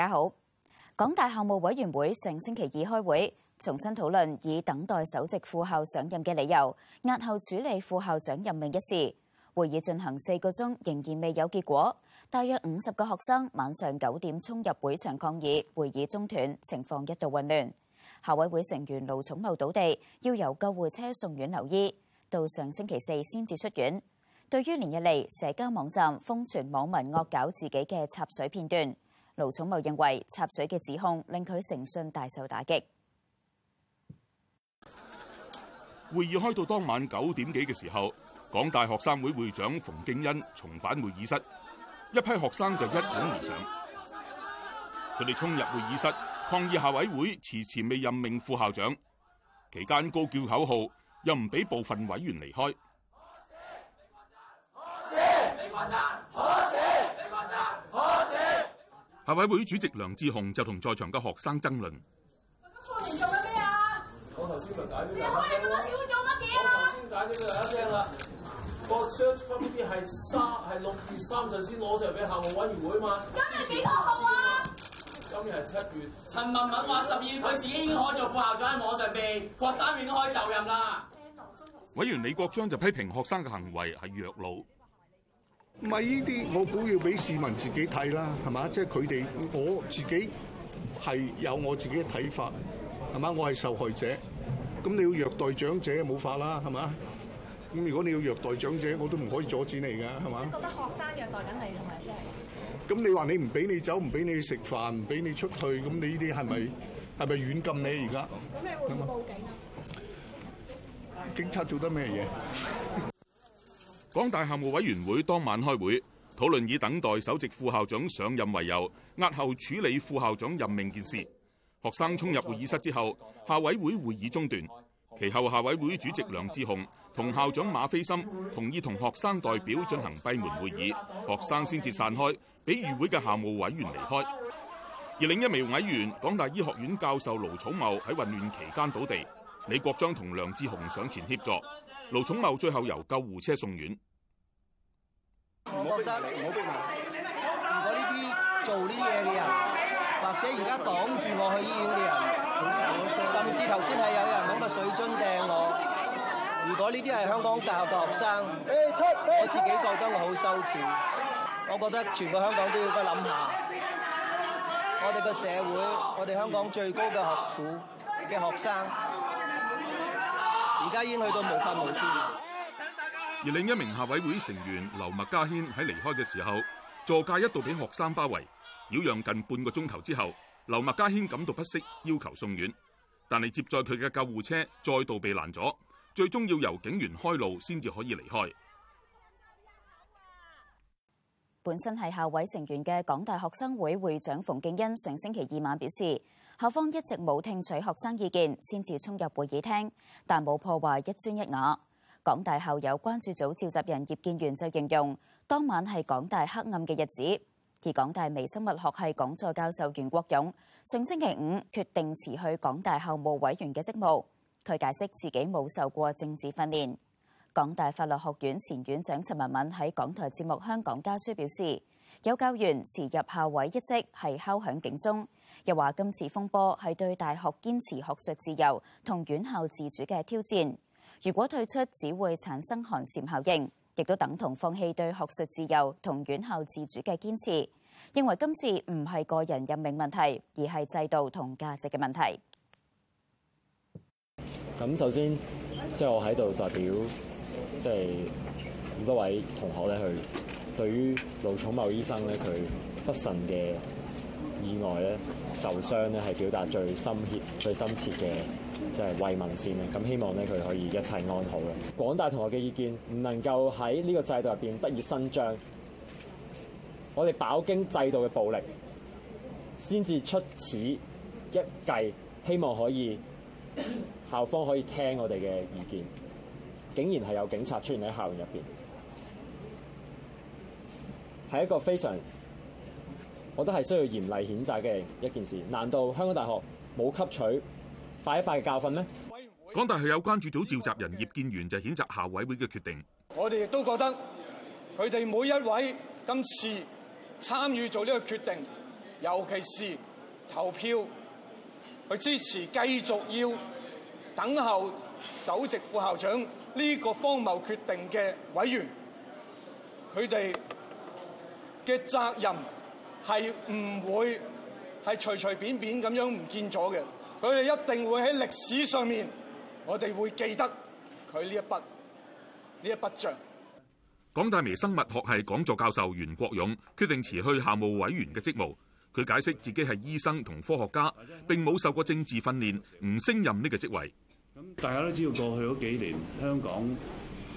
大家好，港大校務委員會上星期二開會，重新討論以等待首席副校上任嘅理由，押後處理副校長任命一事。會議進行四個鐘，仍然未有結果。大約五十個學生晚上九點衝入會場抗議，會議中斷，情況一度混亂。校委會成員盧寵茂倒地，要由救護車送院留醫，到上星期四先至出院。對於連日嚟，社交網站瘋傳網民惡搞自己嘅插水片段。盧寵茂認為插水嘅指控令佢誠信大受打擊。會議開到當晚九點幾嘅時候，港大學生會會長馮敬恩重返會議室，一批學生就一擁而上，佢哋衝入會議室抗議校委會遲遲未任命副校長，期間高叫口號，又唔俾部分委員離開。校委會主席梁志雄就同在場嘅學生爭論：我今年做緊咩啊？我頭先問大家，你今年暑假我做乜嘢啦？我頭先問大家，大家聽啦，個 search committee 係三係六月三十先攞上嚟俾校務委員會嘛？今日幾多號啊？今日係七月。陳文敏話：十二歲自己已經可以做副校長喺網上邊，郭生已經可以就任啦。委員李國章就批評學生嘅行為係弱老。唔係呢啲，我估要俾市民自己睇啦，係嘛？即係佢哋，我自己係有我自己嘅睇法，係嘛？我係受害者，咁你要虐待長者，冇法啦，係嘛？咁如果你要虐待長者，我都唔可以阻止你噶，係嘛？覺得學生虐待緊你係咪啫？咁你話你唔俾你走，唔俾你食飯，唔俾你出去，咁你呢啲係咪係咪軟禁你而家？咁你會唔會報警啊？警察做得咩嘢？港大校務委員會當晚開會，討論以等待首席副校長上任為由，押後處理副校長任命件事。學生衝入會議室之後，校委會會議中斷。其後，校委會主席梁智鴻同校長馬斐森同意同學生代表進行閉門會議，學生先至散開，俾與會嘅校務委員離開。而另一名委員港大醫學院教授盧寵茂喺混亂期間倒地，李國章同梁智鴻上前協助。盧寵茂最後由救護車送院。我覺得，如果呢啲做呢啲嘢嘅人，或者而家擋住我去醫院嘅人，甚至頭先係有人攞個水樽掟我，如果呢啲係香港大學嘅學生，我自己覺得我好羞恥。我覺得全部香港都要噉諗下，我哋個社會，我哋香港最高嘅學府嘅學生。而家已經去到無法無天。而另一名校委會成員劉麥嘉軒喺離開嘅時候，座駕一度被學生包圍，擾攘近半個鐘頭之後，劉麥嘉軒感到不適，要求送院，但係接載佢嘅救護車再度被攔咗，最終要由警員開路先至可以離開。本身係校委成員嘅港大學生會會長馮敬恩上星期二晚表示。校方一直冇聽取學生意見，先至衝入會議廳，但冇破壞一磚一瓦。港大校友關注組召集人葉建源就形容，當晚係港大黑暗嘅日子。而港大微生物學系講座教授袁國勇，上星期五決定辭去港大校務委員嘅職務。佢解釋自己冇受過政治訓練。港大法律學院前院長陳文敏喺港台節目《香港家書》表示，有教員辭入校委一職係敲響警鐘。又話今次風波係對大學堅持學術自由同院校自主嘅挑戰。如果退出，只會產生寒蟬效應，亦都等同放棄對學術自由同院校自主嘅堅持。認為今次唔係個人任命問題，而係制度同價值嘅問題。咁首先，即係我喺度代表，即係咁多位同學咧，去對於盧寵茂醫生咧，佢不慎嘅。意外咧受傷咧，係表達最深切、最深切嘅即係慰問先咧。咁希望咧佢可以一切安好啦。廣大同學嘅意見唔能夠喺呢個制度入邊得以伸張，我哋飽經制度嘅暴力，先至出此一計，希望可以校方可以聽我哋嘅意見。竟然係有警察出現喺校園入邊，係一個非常。我覺得係需要嚴厲譴責嘅一件事，難道香港大學冇吸取快一快嘅教訓咩？港大校友關注組召集人葉建源就譴責校委會嘅決定。我哋亦都覺得佢哋每一位今次參與做呢個決定，尤其是投票去支持繼續要等候首席副校長呢個荒謬決定嘅委員，佢哋嘅責任。係唔會係隨隨便便咁樣唔見咗嘅，佢哋一定會喺歷史上面，我哋會記得佢呢一筆，呢一筆賬。港大微生物學系講座教授袁國勇決定辭去校務委員嘅職務，佢解釋自己係醫生同科學家，並冇受過政治訓練，唔升任呢個職位。咁大家都知道過去嗰幾年香港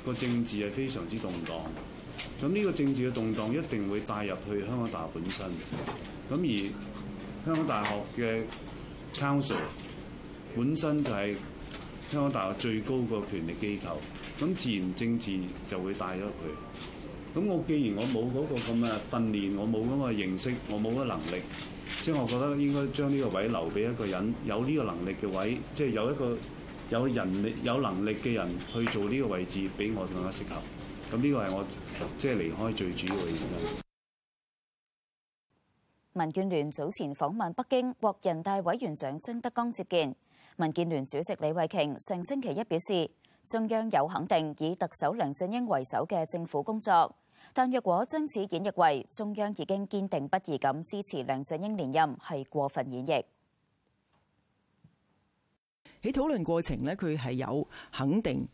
個政治係非常之動盪。咁呢個政治嘅動盪一定會帶入去香港大學本身。咁而香港大學嘅 council 本身就係香港大學最高個權力機構。咁自然政治就會帶咗佢。咁我既然我冇嗰個咁嘅訓練，我冇咁嘅認識，我冇嗰個嘅能力，即係我覺得應該將呢個位留俾一個人有呢個能力嘅位，即係有一個有人力有能力嘅人去做呢個位置，畀我更加適合。咁呢個係我即係離開最主要嘅原因。民建聯早前訪問北京，獲人大委員長張德江接見。民建聯主席李慧瓊上星期一表示，中央有肯定以特首梁振英為首嘅政府工作，但若果將此演繹為中央已經堅定不移咁支持梁振英連任係過分演繹。喺討論過程呢，佢係有肯定。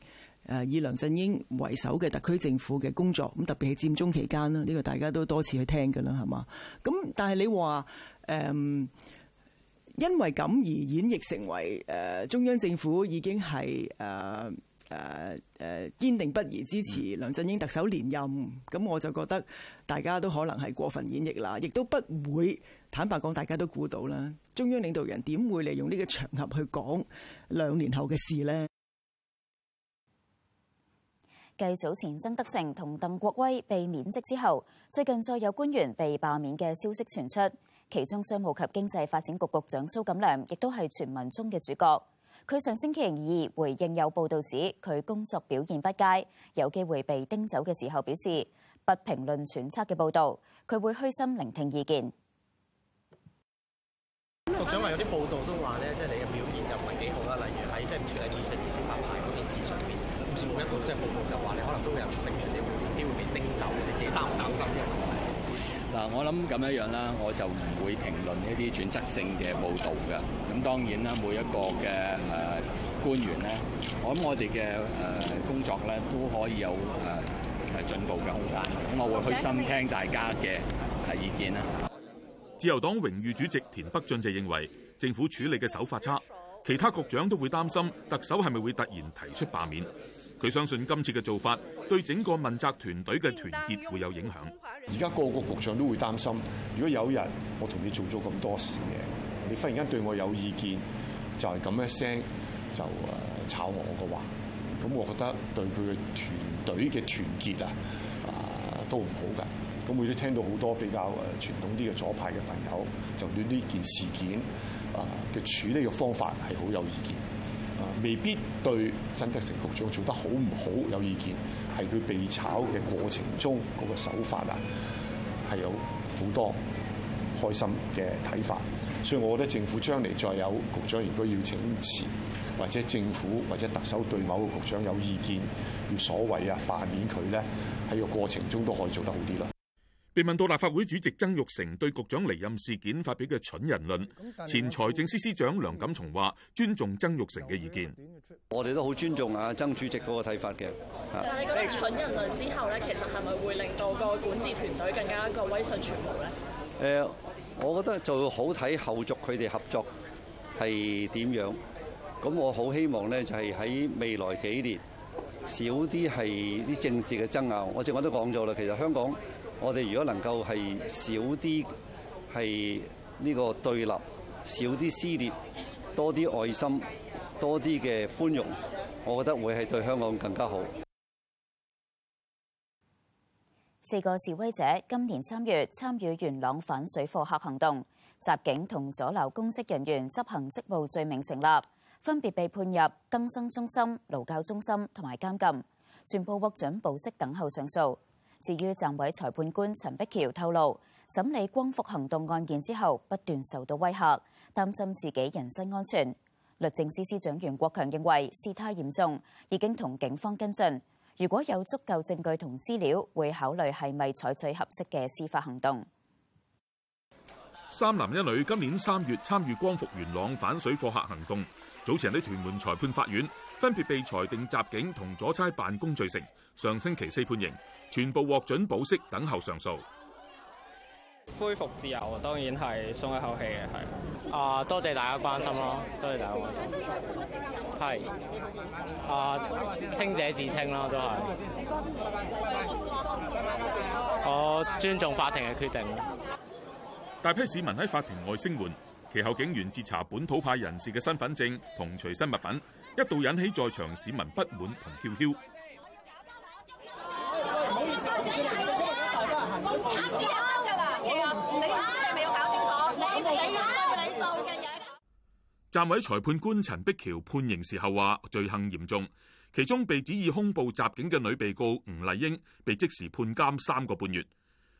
誒以梁振英為首嘅特區政府嘅工作，咁特別係佔中期間啦，呢個大家都多次去聽嘅啦，係嘛？咁但係你話，誒、嗯，因為咁而演繹成為誒、呃、中央政府已經係誒誒誒堅定不移支持梁振英特首連任，咁、嗯、我就覺得大家都可能係過分演繹啦，亦都不會坦白講大家都估到啦，中央領導人點會利用呢個場合去講兩年後嘅事咧？繼早前曾德成同鄧國威被免職之後，最近再有官員被罷免嘅消息傳出，其中商務及經濟發展局局長蘇錦樑亦都係傳聞中嘅主角。佢上星期二回應有報道指佢工作表現不佳，有機會被叮走嘅時候表示不評論揣測嘅報道，佢會虛心聆聽意見。局長話有啲報道都話咧，即係你嘅表現就唔係幾好啦，例如喺即係處理延遲二簽發牌嗰件事上邊。唔算每一個即係報目嘅話，你可能都有成串啲文件機會被拎走嘅，你自己擔唔擔心嘅？嗱，我諗咁樣樣啦，我就唔會評論呢啲揣測性嘅報導嘅。咁當然啦，每一個嘅誒、呃、官員咧，我諗我哋嘅誒工作咧都可以有誒誒、呃、進步嘅空間。咁我會虛心聽大家嘅係意見啦。自由黨榮譽主席田北俊就認為政府處理嘅手法差，其他局長都會擔心特首係咪會突然提出罷免。佢相信今次嘅做法對整個問責團隊嘅團結會有影響，而家個個局長都會擔心，如果有人我同你做咗咁多事嘅，你忽然間對我有意見，就係咁一聲就誒炒我嘅話，咁我覺得對佢嘅團隊嘅團結啊，啊都唔好㗎。咁我都聽到好多比較誒傳統啲嘅左派嘅朋友就對呢件事件啊嘅處理嘅方法係好有意見。未必對曾德成局長做得好唔好有意見，係佢被炒嘅過程中嗰個手法啊，係有好多開心嘅睇法，所以我覺得政府將嚟再有局長如果要請辭，或者政府或者特首對某個局長有意見要所謂啊，罷免佢咧，喺個過程中都可以做得好啲啦。被問到立法會主席曾鈺成對局長離任事件發表嘅蠢人論，前財政司司長梁錦松話，尊重曾鈺成嘅意見，我哋都好尊重啊曾主席嗰個睇法嘅。但係嗰啲蠢人論之後咧，其實係咪會令到個管治團隊更加一個威信全無咧？誒，我覺得就好睇後續佢哋合作係點樣。咁我好希望咧就係喺未來幾年少啲係啲政治嘅爭拗。我正我都講咗啦，其實香港。我哋如果能夠係少啲係呢個對立，少啲撕裂，多啲愛心，多啲嘅寬容，我覺得會係對香港更加好。四個示威者今年三月參與元朗反水貨客行動，襲警同阻撓公職人員執行職務罪名成立，分別被判入更生中心、勞教中心同埋監禁，全部獲准保釋等候上訴。至於暫委裁判官陳碧橋透露，審理光復行動案件之後，不斷受到威嚇，擔心自己人身安全。律政司司長袁國強認為事態嚴重，已經同警方跟進，如果有足夠證據同資料，會考慮係咪採取合適嘅司法行動。三男一女今年三月參與光復元朗反水貨客行動，早前喺屯門裁判法院分別被裁定襲警同阻差辦公罪成，上星期四判刑。全部獲准保釋，等候上訴。恢復自由當然係鬆一口氣嘅，係啊，多謝大家關心咯，多謝大家關心，係啊，清者自清啦，都係。我尊重法庭嘅決定。大批市民喺法庭外聲援，其後警員截查本土派人士嘅身份證同隨身物品，一度引起在場市民不滿同叫囂。站暫委裁判官陳碧橋判刑時候話，罪行嚴重，其中被指以胸部襲警嘅女被告吳麗英，被即時判監三個半月。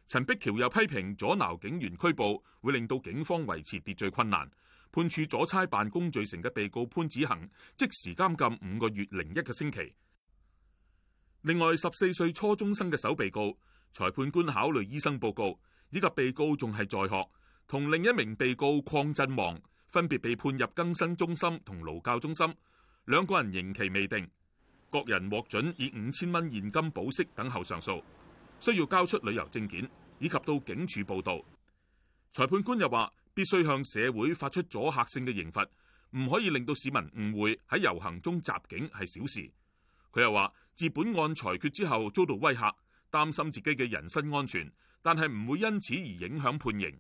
陳碧橋又批評阻撓警員拘捕，會令到警方維持秩序困難。判處阻差辦公罪成嘅被告潘子恒，即時監禁五個月零一個星期。另外十四歲初中生嘅首被告，裁判官考慮醫生報告，呢個被告仲係在學，同另一名被告鄺振王。分別被判入更生中心同勞教中心，兩個人刑期未定，各人獲准以五千蚊現金保釋等候上訴，需要交出旅遊證件以及到警署報到。裁判官又話：必須向社會發出阻嚇性嘅刑罰，唔可以令到市民誤會喺遊行中襲警係小事。佢又話：自本案裁決之後遭到威嚇，擔心自己嘅人身安全，但係唔會因此而影響判刑。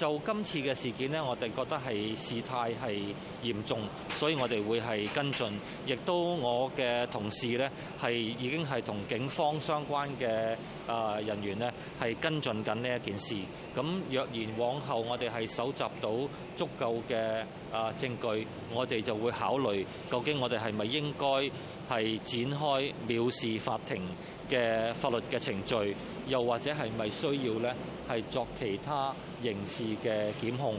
就今次嘅事件呢，我哋覺得係事態係嚴重，所以我哋會係跟進，亦都我嘅同事呢，係已經係同警方相關嘅誒人員呢，係跟進緊呢一件事。咁若然往後我哋係搜集到足夠嘅誒證據，我哋就會考慮究竟我哋係咪應該係展開藐視法庭嘅法律嘅程序。又或者係咪需要咧，係作其他刑事嘅檢控？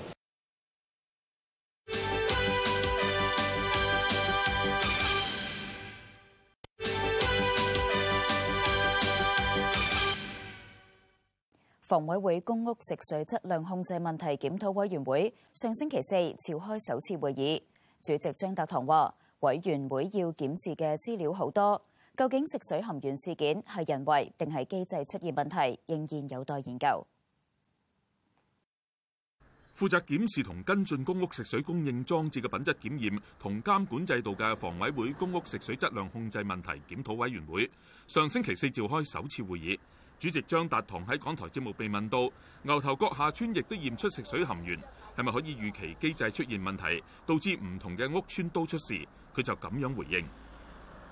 房委會公屋食水質量控制問題檢討委員會上星期四召開首次會議，主席張達棠話，委員會要檢視嘅資料好多。究竟食水含鉛事件係人為定係機制出現問題，仍然有待研究。負責檢視同跟進公屋食水供應裝置嘅品質檢驗同監管制度嘅房委會公屋食水質量控制問題檢討委員會上星期四召開首次會議，主席張達棠喺港台節目被問到牛頭角下村亦都驗出食水含鉛，係咪可以預期機制出現問題，導致唔同嘅屋村都出事？佢就咁樣回應。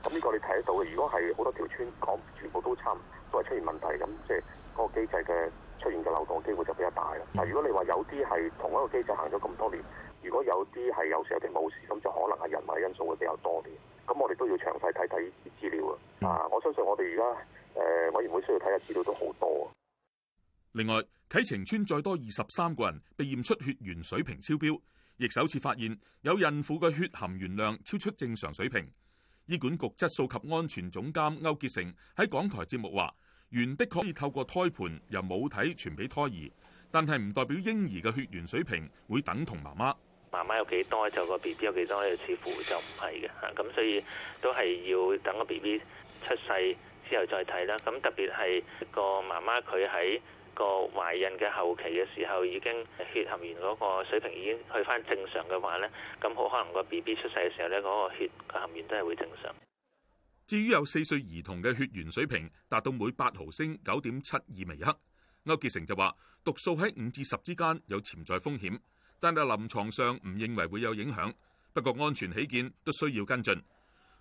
咁呢個你睇得到嘅。如果係好多條村講，全部都差唔多都係出現問題，咁即係嗰個機制嘅出現嘅漏洞機會就比較大啦。但如果你話有啲係同一個機制行咗咁多年，如果有啲係有時候有定冇事，咁就可能係人為因素會比較多啲。咁我哋都要詳細睇睇啲資料啊。嗯、啊，我相信我哋而家誒委員會需要睇嘅資料都好多啊。另外，啟晴邨再多二十三個人被驗出血鉛水平超標，亦首次發現有孕婦嘅血含鉛量超出正常水平。醫管局質素及安全總監歐潔成喺港台節目話：原的確可以透過胎盤由母體傳俾胎兒，但係唔代表嬰兒嘅血緣水平會等同媽媽。媽媽有幾多就個 B B 有幾多，似乎就唔係嘅吓，咁所以都係要等個 B B 出世之後再睇啦。咁特別係個媽媽佢喺。個懷孕嘅後期嘅時候，已經血含鉛嗰個水平已經去返正常嘅話咧，咁好可能個 B B 出世嘅時候咧，嗰、那個血含鉛都係會正常。至於有四歲兒童嘅血鉛水平達到每八毫升九點七二微克，歐傑成就話毒素喺五至十之間有潛在風險，但係臨床上唔認為會有影響。不過安全起見都需要跟進。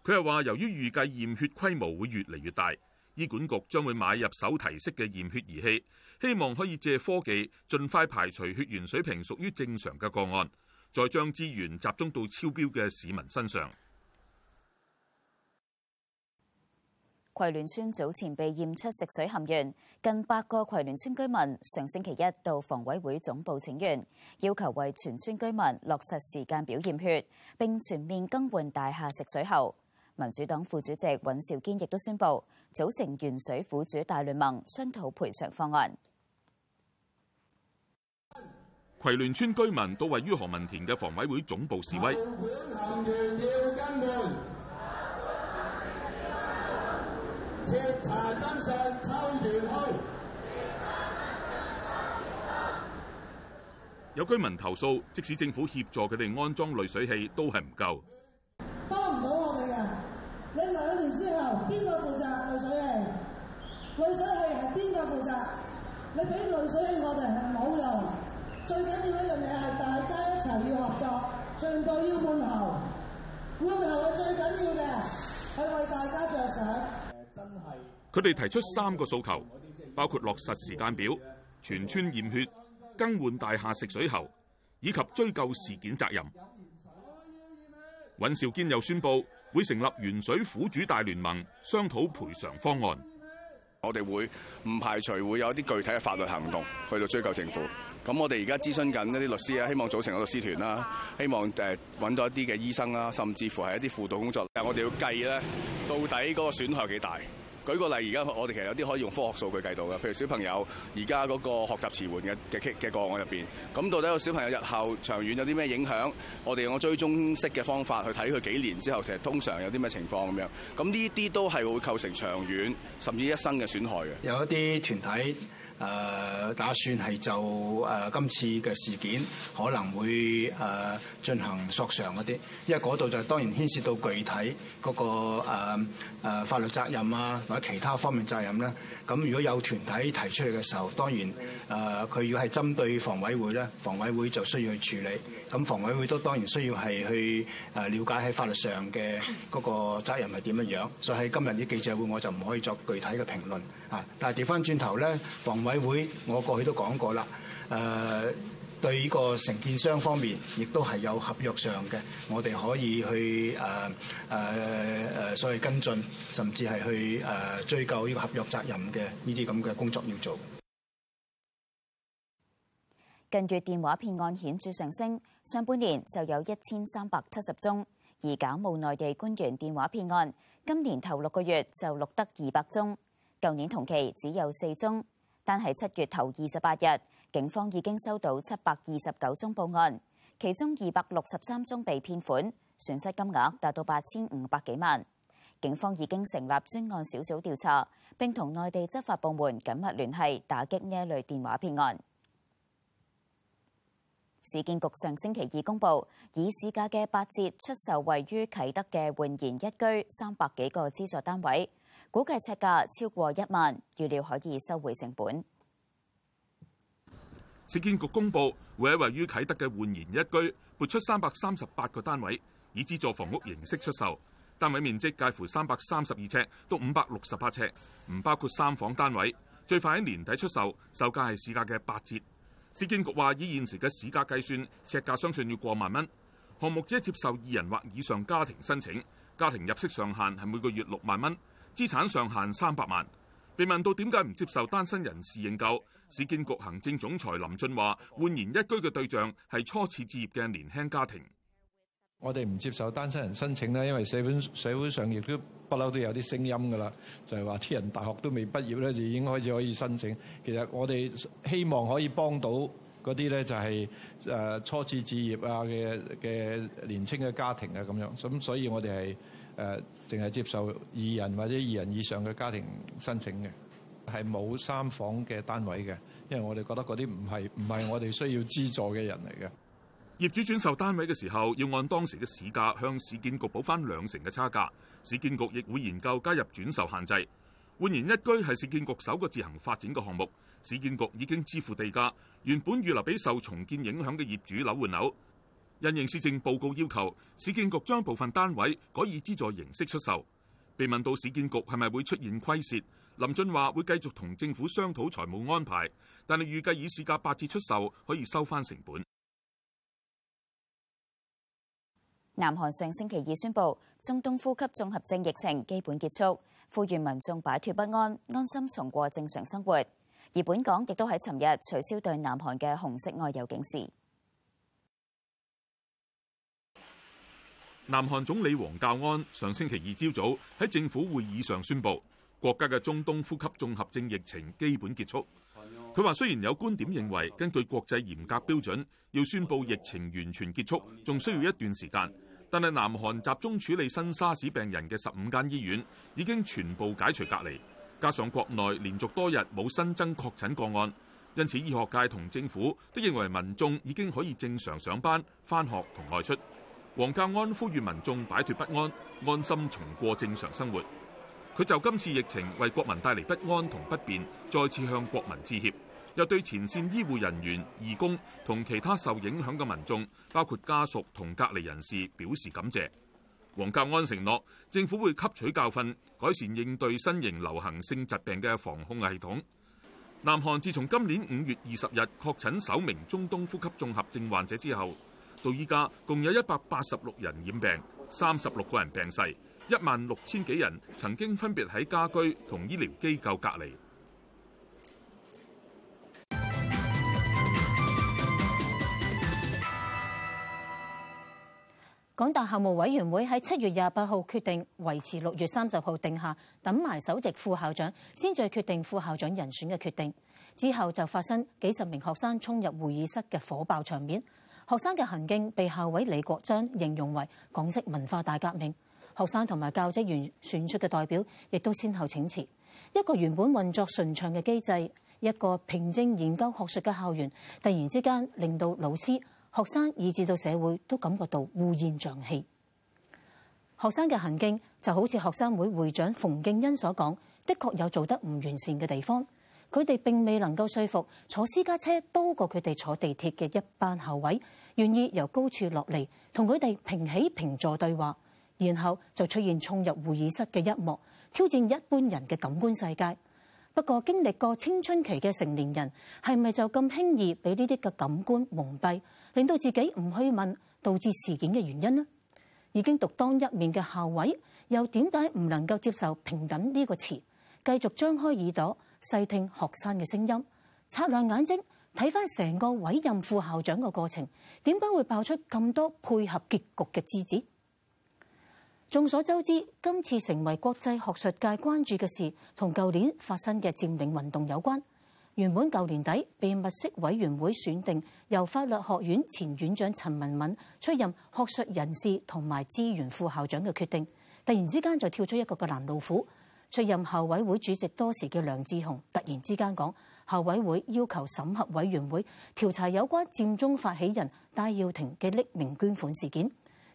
佢又話，由於預計驗血規模會越嚟越大，醫管局將會買入手提式嘅驗血儀器。希望可以借科技盡快排除血鉛水平屬於正常嘅個案，再將資源集中到超標嘅市民身上。葵聯村早前被驗出食水含鉛，近百個葵聯村居民上星期一到房委會總部請願，要求為全村居民落實時間表驗血，並全面更換大廈食水喉。民主黨副主席尹兆堅亦都宣布組成鉛水苦主大聯盟，商討賠，賠償方案。葵聯村居民到位於何文田嘅房委會總部示威。有居民投訴，即使政府協助佢哋安裝濾水器，都係唔夠。幫唔到我哋啊！你兩年之後邊個負責濾水器？濾水器係邊個負責？你俾濾水器我哋，係冇。最緊要一樣嘢係大家一齊要合作，全部要換喉，換喉嘅最緊要嘅係為大家着想。真係，佢哋提出三個訴求，包括落實時間表、全村驗血、更換大廈食水喉，以及追究事件責任。尹兆堅又宣布會成立鉛水苦主大聯盟，商討賠償方案。我哋會唔排除會有一啲具體嘅法律行動去到追究政府。咁我哋而家諮詢緊一啲律師啊，希望組成個律師團啦，希望誒揾到一啲嘅醫生啦，甚至乎係一啲輔導工作。但係我哋要計咧，到底嗰個損害有幾大？舉個例，而家我哋其實有啲可以用科學數據計到嘅，譬如小朋友而家嗰個學習遲緩嘅嘅嘅個案入邊，咁到底個小朋友日後長遠有啲咩影響？我哋用個追蹤式嘅方法去睇佢幾年之後，其實通常有啲咩情況咁樣？咁呢啲都係會構成長遠甚至一生嘅損害嘅。有一啲團體，誒、呃、打算係就誒、呃、今次嘅事件可能會誒、呃、進行索償嗰啲，因為嗰度就當然牽涉到具體嗰、嗰個誒、呃呃、法律責任啊，或者其他方面責任咧。咁如果有團體提出嚟嘅時候，當然誒佢要係針對房委會咧，房委會就需要去處理。咁房委會都當然需要係去了解喺法律上嘅嗰個責任係點樣樣。所以喺今日啲記者會，我就唔可以作具體嘅評論。啊！但係調翻轉頭咧，房委會我過去都講過啦。誒、呃，對呢個承建商方面，亦都係有合約上嘅，我哋可以去誒誒誒，所謂跟進，甚至係去誒、呃、追究呢個合約責任嘅呢啲咁嘅工作要做。近月電話騙案顯著上升，上半年就有一千三百七十宗，而假冒內地官員電話騙案，今年頭六個月就錄得二百宗。舊年同期只有四宗，但係七月頭二十八日，警方已經收到七百二十九宗報案，其中二百六十三宗被騙款，損失金額達到八千五百幾萬。警方已經成立專案小組調查，並同內地執法部門緊密聯繫，打擊呢類電話騙案。市建局上星期二公布，以市價嘅八折出售位於啟德嘅煥然壹居三百幾個資助單位。估計尺價超過一萬，預料可以收回成本。市建局公布，會喺位於啟德嘅煥然壹居撥出三百三十八個單位，以資助房屋形式出售。單位面積介乎三百三十二尺到五百六十八尺，唔包括三房單位。最快喺年底出售，售價係市價嘅八折。市建局話，以現時嘅市價計算，尺價相信要過萬蚊。項目只接受二人或以上家庭申請，家庭入息上限係每個月六萬蚊。資產上限三百萬。被問到點解唔接受單身人士認購，市建局行政總裁林俊話：煥然壹居嘅對象係初次置業嘅年輕家庭。我哋唔接受單身人申請，呢因為社會社會上亦都不嬲都有啲聲音㗎啦，就係話啲人大學都未畢業咧就已經開始可以申請。其實我哋希望可以幫到嗰啲咧就係誒初次置業啊嘅嘅年輕嘅家庭啊咁樣。咁所以我哋係。誒淨係接受二人或者二人以上嘅家庭申請嘅，係冇三房嘅單位嘅，因為我哋覺得嗰啲唔係唔係我哋需要資助嘅人嚟嘅。業主轉售單位嘅時候，要按當時嘅市價向市建局補翻兩成嘅差價，市建局亦會研究加入轉售限制。煥然壹居係市建局首個自行發展嘅項目，市建局已經支付地價，原本預留俾受重建影響嘅業主樓換樓。因應施政報告要求市建局將部分單位改以資助形式出售。被問到市建局係咪會出現虧蝕，林俊話會繼續同政府商討財務安排，但係預計以市價八折出售可以收翻成本。南韓上星期二宣布，中東呼吸綜合症疫情基本結束，呼籲民眾擺脫不安，安心重過正常生活。而本港亦都喺尋日取消對南韓嘅紅色外遊警示。南韓總理黃教安上星期二朝早喺政府會議上宣布，國家嘅中東呼吸綜合症疫情基本結束。佢話：雖然有觀點認為，根據國際嚴格標準，要宣布疫情完全結束，仲需要一段時間，但係南韓集中處理新沙士病人嘅十五間醫院已經全部解除隔離，加上國內連續多日冇新增確診個案，因此醫學界同政府都認為民眾已經可以正常上班、返學同外出。黃教安呼籲民眾擺脫不安，安心重過正常生活。佢就今次疫情為國民帶嚟不安同不便，再次向國民致歉，又對前線醫護人員、義工同其他受影響嘅民眾，包括家屬同隔離人士表示感謝。黃教安承諾，政府會吸取教訓，改善應對新型流行性疾病嘅防控系統。南韓自從今年五月二十日確診首名中東呼吸綜合症患者之後，到依家共有一百八十六人染病，三十六個人病逝，一萬六千幾人曾經分別喺家居同醫療機構隔離。港大校務委員會喺七月廿八號決定維持六月三十號定下，等埋首席副校長先再決定副校長人選嘅決定。之後就發生幾十名學生衝入會議室嘅火爆場面。學生嘅行徑被校委李國章形容為港式文化大革命，學生同埋教職員選出嘅代表亦都先後請辭。一個原本運作順暢嘅機制，一個平靜研究學術嘅校園，突然之間令到老師、學生以至到社會都感覺到烏煙瘴氣。學生嘅行徑就好似學生會會長馮敬恩所講，的確有做得唔完善嘅地方。佢哋並未能夠說服坐私家車多過佢哋坐地鐵嘅一班校委願意由高處落嚟同佢哋平起平坐對話，然後就出現衝入會議室嘅一幕，挑戰一般人嘅感官世界。不過經歷過青春期嘅成年人係咪就咁輕易俾呢啲嘅感官蒙蔽，令到自己唔去問導致事件嘅原因呢？已經獨當一面嘅校委又點解唔能夠接受平等呢個詞？繼續張開耳朵。細聽學生嘅聲音，擦亮眼睛睇返成個委任副校長嘅過程，點解會爆出咁多配合結局嘅枝節？眾所周知，今次成為國際學術界關注嘅事，同舊年發生嘅佔領運動有關。原本舊年底被物色委員會選定由法律學院前院長陳文敏出任學術人事同埋資源副校長嘅決定，突然之間就跳出一個個攔路虎。出任校委會主席多時嘅梁智鴻突然之間講，校委會要求審核委員會調查有關佔中發起人戴耀廷嘅匿名捐款事件，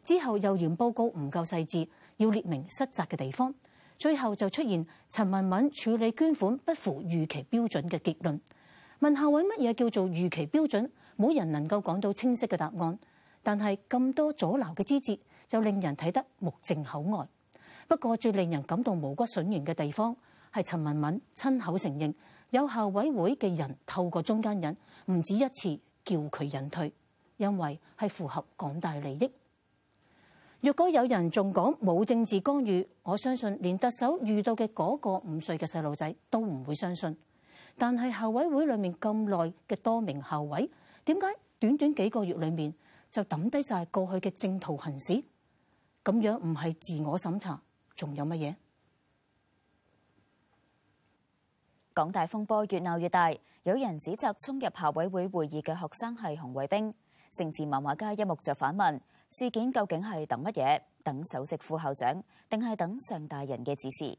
之後又嫌報告唔夠細緻，要列明失責嘅地方，最後就出現陳文敏處理捐款不符預期標準嘅結論。問校委乜嘢叫做預期標準，冇人能夠講到清晰嘅答案，但係咁多阻撓嘅枝節，就令人睇得目瞪口呆。一個最令人感到毛骨悚然嘅地方係陳文敏親口承認，有校委會嘅人透過中間人唔止一次叫佢引退，因為係符合港大利益。若果有人仲講冇政治干預，我相信連特首遇到嘅嗰個五歲嘅細路仔都唔會相信。但係校委會裏面咁耐嘅多名校委，點解短短幾個月裏面就抌低晒過去嘅正途行事？咁樣唔係自我審查？仲有乜嘢？港大風波越鬧越大，有人指責衝入校委會會議嘅學生係紅衛兵。政治漫畫家一目就反問：事件究竟係等乜嘢？等首席副校長，定係等上大人嘅指示？